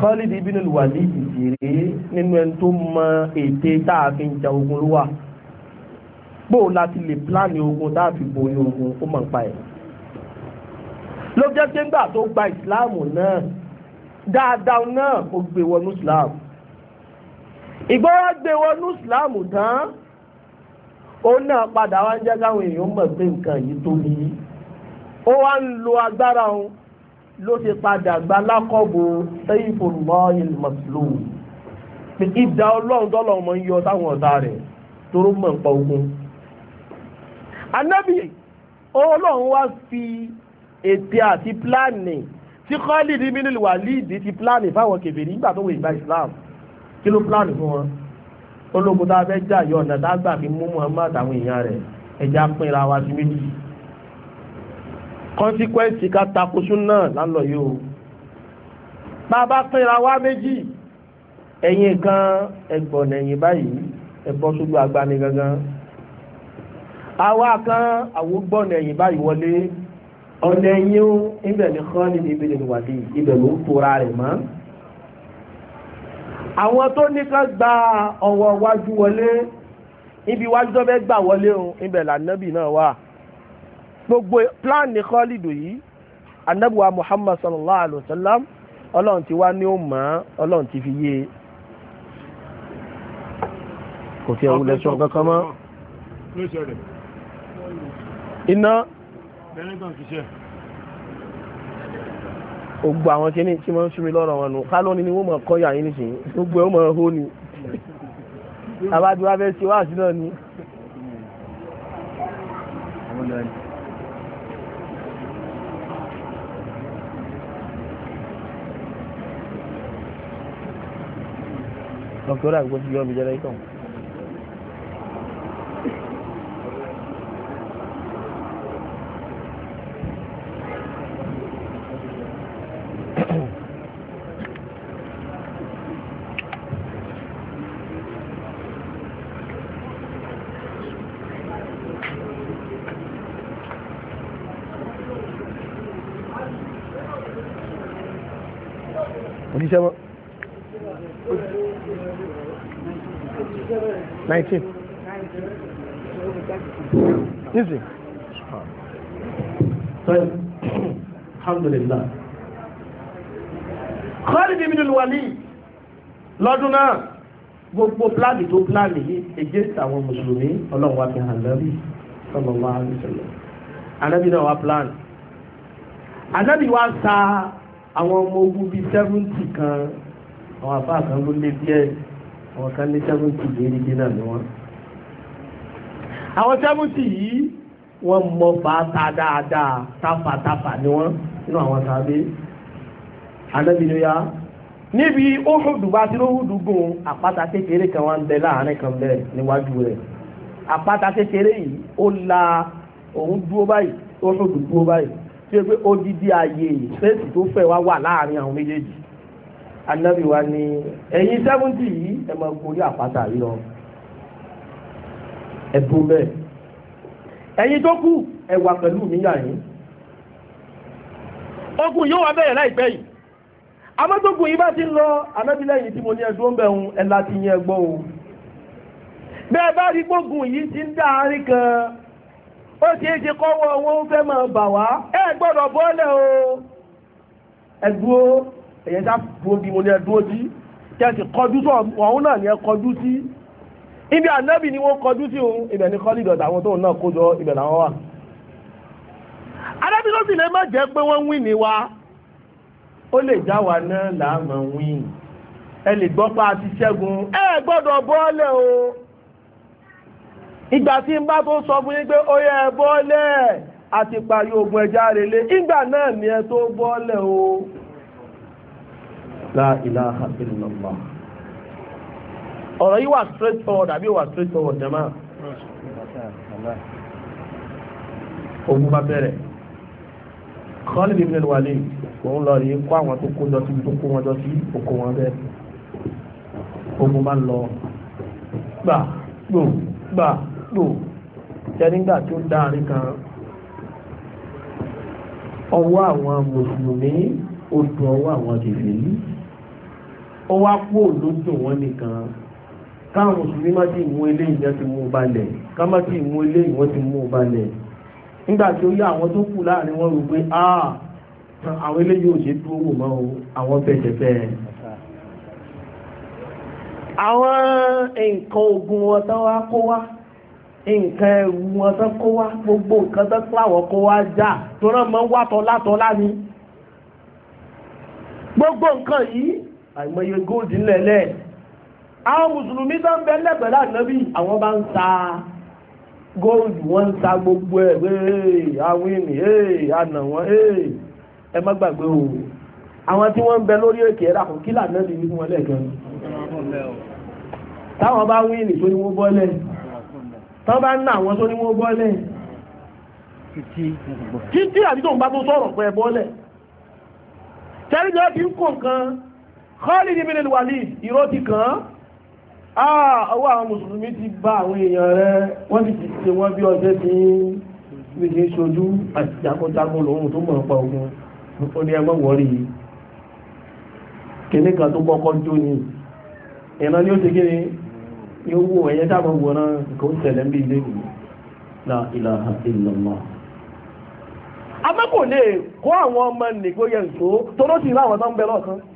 Khalid ibn al-Walid ìdìrí nínú ẹni tó mọ ète tá a fi ń ja ogun ló wà bóò láti lè pláàni ogun tá a fi borí ogun ó mọ̀ pa ẹ̀ ló jẹ́ pé ńgbà tó gba ìsìláàmù náà dáadáa náà ó gbé wọnú ìsìláàmù ìgbọ́wọ́ gbé wọnú ìsìláàmù tán ó náà padà wá ń jẹ́ káwọn èèyàn mọ̀ pé nǹkan yìí tóbi ó wá ń lo agbára òun ló ti padà gba lákọ̀bù Sayfullahi al-Maslul ìdá ọlọ́run tọ́lọ̀ ọmọ yíyọ táwọn ọ̀tá rẹ̀ toró mọ̀ ń pa ogun anábì ọlọ́run wá fi ète àti pílánì tí Khalid ibn al-Walid ti pílánì fáwọn kèfèrí nígbà tó wọ ìgbà Islam kí ló pílánì fún wọn ológun tá a fẹ́ jà yọ ọ̀nà tá a gbà fi mú Muhammad àwọn èèyàn rẹ̀ ẹ̀já pínra wa sí méjì consequence ká tako súnà lálọ yìí o bàbá pínra wá méjì ẹ̀yìn kan ẹgbọ̀n ẹ̀yìn báyìí ẹ̀bọ́ sójú agbani gangan àwa kan àwògbọ̀n ẹ̀yìn báyìí wọlé ọ̀nà ẹ̀yìn o ibẹ̀ ni kọ́ ní ibi lè wàdí ibẹ̀ ló ń tora rẹ̀ mọ́ àwọn tó ní ká gba ọwọ́ wájú wọlé ibi wájú tó fẹ́ gbà wọlé o ibẹ̀ lànàbì náà wà gbogbo plan ní kọ́lìdù yìí anabuwa muhammad sallallahu alayhi wa sallam ọlọ́run ti wá ní ó mọ̀ ọ́ ọlọ́run ti fi yé e kò tí ẹ̀wù lẹ́sọ̀ kankan mọ́ iná gbogbo àwọn kíní tí wọ́n súnmi lọ́rọ̀ wọn nù ká ni wọ́n mọ̀ kọ́ yà yín gbogbo ẹ̀ ó ni àbájọ wa wáàsí náà ni. lọ kí ó dàgbò ti yọ ibi jẹ́rẹ́ ikọ̀ Oníṣẹ́ mọ́. nineteen easy. طيب الحمد لله Khalid ibn al-Walid lọ́dún náà gbogbo pláàdì tó pláàdì yìí against àwọn mùsùlùmí ọlọ́run wa fi hàn lẹ́bí sallallahu alaihi wasallam anábì náà wá plan anábì wá sa àwọn ọmọ ogun bíi seventy kan àwọn àbá kan ló lé díẹ̀ àwọn kan ní sẹ́fúntì gẹ́gẹ́ náà ni wọ́n. àwọn sẹ́fúntì yìí wọ́n mọ bàtà dáadáa tafàtafà ni wọ́n nínú àwọn sábẹ́ anábìnrin ya níbi óhùdù tí óhùdù gùn àpáta kékeré kan wá ń bẹ láàárín kan bẹ níwájú rẹ̀ àpáta kékeré yìí ó la òun dúró báyìí óhùdù dúró báyìí tí ó pé odidi ààyè fèsì tó fẹ́ wá wà láàárín àwọn méjèèjì anabi wa ni ẹ̀yin sẹ́fúntì yìí ẹ máa gorí àpáta yìí lọ ẹ̀dùn bẹ́ẹ̀ ẹ̀yin tó kù ẹ wà pẹ̀lú mi yà yín ogun yóò wá bẹ̀rẹ̀ láìpẹ́ yìí amọ́tógun yìí bá ti ń lọ anabi lẹ́yìn tí mo ní ẹ̀dùn ń bẹ̀rùn láti yẹn gbọ́ o bẹ́ẹ̀ bá rí gbógun yìí ti ń dáárí kan ó ti é ṣe kọ́wọ́ wọn fẹ́ máa bà wá ẹ gbọ́dọ̀ bọ́ọ̀lẹ̀ o ẹ̀dùn o ẹ̀yẹn já dúró bí mo ní ẹ dúró sí kẹsì kọjú tó ọ̀hún náà ní ẹ kọjú sí ibi ànábì ni wọ́n kọjú sí òun ibẹ̀ ni kọ́lì dọ̀tà àwọn tóun náà kójọ ibẹ̀ làwọn wà. ànábì ló sì lè má jẹ́ pé wọ́n ń wí ní wa ó lè já wa náà làámọ̀ wí ẹ lè gbọ́ pa àti ṣẹ́gun ẹ gbọ́dọ̀ bọ́ọ̀lẹ̀ o ìgbà tí n bá tó sọ fún yín pé ó yẹ bọ́ọ̀lẹ̀ àti parí ogun ẹja relé ìgbà náà ni ẹ tó bọ́ọ̀lẹ̀ o la ilaha illallah ọ̀rọ̀ yìí wà straight forward àbí wà straight forward jama ogun bá bẹ̀rẹ̀ Khalid ibn al-Walid òun lọ rí kó àwọn tó kó jọ síbi tó kó wọn jọ sí òkó wọn bẹ́ẹ̀ ogun bá ń lọ gbà gbò gbà gbò jẹ́ nígbà tí ó kan ọwọ́ àwọn mùsùlùmí ó ọwọ́ àwọn kèfèrí ó wá kú òlójú wọn nìkan káwọn mùsùlùmí má ti mú ilé ìjọ ti mú balẹ̀ ká má ti mú ilé ìwọ́n ti mú balẹ̀ nígbà tí ó yá àwọn tó kù láàrin wọn rò pé ah àwọn ilé yóò ṣe dúró wò mọ́ àwọn fẹ̀sẹ̀fẹ̀ àwọn nǹkan ogun wọn tán wá kó wá nǹkan ẹrù wọn tán kó wá gbogbo nǹkan tán pàwọ́ kó wá já tó náà mọ́ wátọ́ látọ́ lá ni gbogbo nǹkan yìí àìmọye góòdì ńlẹ̀lẹ̀ àwọn mùsùlùmí tó ń bẹ lẹ́gbẹ̀ẹ́ lánàbí àwọn bá ń ta góòdì wọ́n ń ta gbogbo ẹ̀ ee àwọn ènìyàn ee àna wọn ee ẹ má gbàgbé o àwọn tí wọ́n ń bẹ lórí èkè ẹ̀rà kò kí lánàbí ní wọn lẹ́ẹ̀kan táwọn bá wí ní sóní wọ́n bọ́lẹ̀ táwọn bá ń ná àwọn sóní wọ́n bọ́lẹ̀ títí àbí tóun bá tó sọ̀rọ̀ pẹ́ bọ́lẹ̀ tẹ́lẹ̀ jẹ́ kí ń kó nǹkan Khalid ibn al-Walid ìró ti kàn án ah, ọwọ́ àwọn mùsùlùmí ti bá àwọn èèyàn rẹ̀ wọ́n sì ti ṣe wọ́n bí ọjọ́ ti ń gbèsè ṣojú àti jagunjagun lòun tó mọ̀ pa ogun ó ní ẹgbẹ́ wọ́rí kìnní kan tó kọ́kọ́ jó ni ìran ni ó ṣe kíni ni ó wò ẹ̀yẹ táwọn wòran nǹkan ó ṣẹlẹ̀ ń bí ilé ìlú la ilaha illallah amẹ́kò lè kó àwọn ọmọ nìgbóyẹ̀ nìkó tó ló sì láwọn tó ń bẹ lọ́ọ̀kan